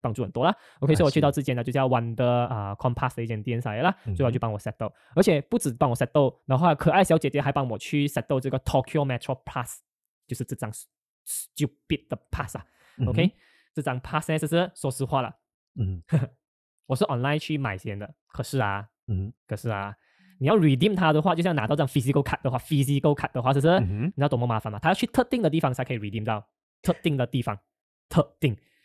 幫助很多啦，OK，所以我去到這間呢就叫 Wonder 啊 Compass 的一間店晒啦，最後就幫我 settle，而且不止幫我 settle，然後可愛小姐姐還幫我去 settle 這個 Tokyo Metro Pass，就是這張 stupid 的 pass 啊，OK，這張 pass 呢，其實說實話啦，嗯，我是 online 去買先的，可是啊，嗯，可是啊，你要 redeem 它的話，就像拿到這張 physical card 的話，physical card 的話，其實你知道多麼麻煩嘛？他要去特定的地方才可以 redeem 到，特定的地方，特定。